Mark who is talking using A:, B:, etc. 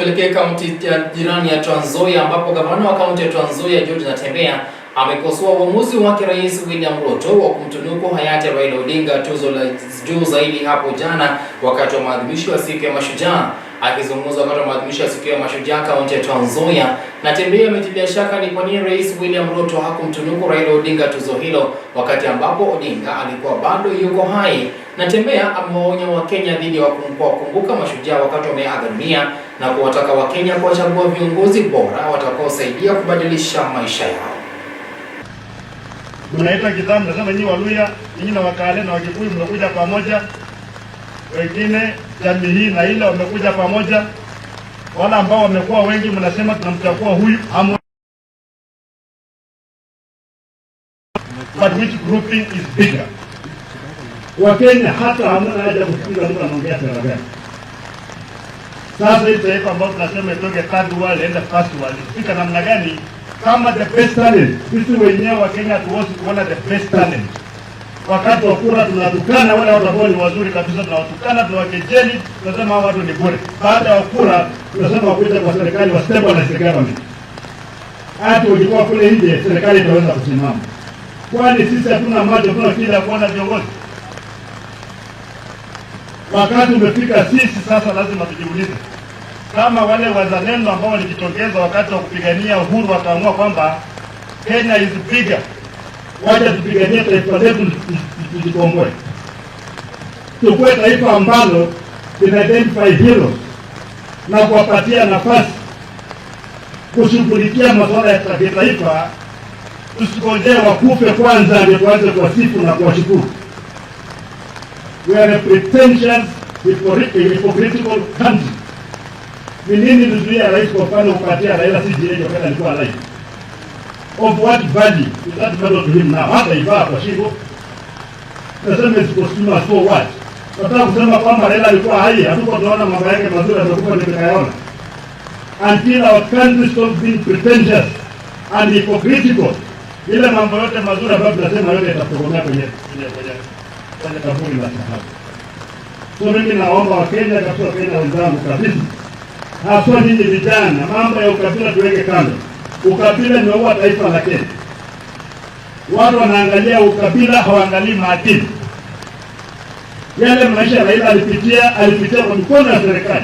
A: Tuelekee kaunti ya jirani ya Trans Nzoia ambapo gavana wa kaunti ya Trans Nzoia George Natembeya amekosoa uamuzi wake Rais William Ruto wa kumtunuku hayati Raila Odinga tuzo la juu zaidi hapo jana wakati wa maadhimisho ya siku ya Mashujaa. Akizungumza wakati wa maadhimisho ya siku ya mashujaa kaunti ya Trans Nzoia, na tembea ametilia shaka ni kwa nini Rais William Ruto hakumtunuku Raila Odinga tuzo hilo wakati ambapo Odinga alikuwa bado yuko hai. Na tembea amewaonya Wakenya dhidi ya kuwakumbuka mashujaa wakati wameaga dunia na kuwataka Wakenya kuwachagua viongozi bora watakaosaidia kubadilisha maisha yao.
B: Mnaita Kitamu, nasema nyinyi Waluya, nyinyi na Wakale na Wakikuyu mnakuja pamoja wengine jamii hii na ile wamekuja pamoja, wale ambao wamekuwa wengi mnasema tunamchagua huyu amu. But which grouping is bigger? Wakenya hata hamna haja kusikiza mtu anaongea sera gani. Sasa hii taifa ambayo tunasema itoke third world enda first world ifika namna gani? Kama the best talent, sisi wenyewe Wakenya hatuwezi kuona the best talent wakati wa kura tunatukana wale watu ambao ni wazuri kabisa, tunawatukana, tunawakejeli, tunasema hawa watu ni bure. Baada ya kura tunasema wakuja kwa serikali wa stabilize government. Hata ulikuwa kule nje, serikali itaweza kusimama. Kwani sisi hatuna macho, hatuna kila kuona viongozi. Wakati umefika sisi sasa, lazima tujiulize kama wale wazalendo ambao walijitokeza wakati wa kupigania uhuru wakaamua kwamba Kenya is bigger waje tupiganie taifa letu tulikomboe, tukue taifa ambalo linaidentify hilo na kuwapatia nafasi kushughulikia masuala ya kitaifa. Tusikongee wakufe kwanza ndio tuanze kuwasifu na kuwashukuru. We are a pretentious hypocritical country. Ni nini tuzuia rais kwa mfano kupatia Raila CCA kwenda alikuwa alive? Of what value is that fellow to him now? Hata ifaa kwa shingo nasema isikosima for what? Nataka kusema kwamba Raila alikuwa hai, hatuko tunaona mambo yake mazuri atakufa, nimekayaona until our country stops being pretentious and hypocritical. Ile mambo yote mazuri ambayo tunasema yote yatatokomea kwenye kwenye kaburi la sahabu. So mimi naomba Wakenya katika Wakenya wenzangu kabisa, haswa ninyi vijana, mambo ya ukabila tuweke kando. Ukabila umeua taifa la Kenya. Watu wanaangalia ukabila, hawaangalii maadili. Yale maisha Raila alipitia, alipitia kwa mikono ya serikali.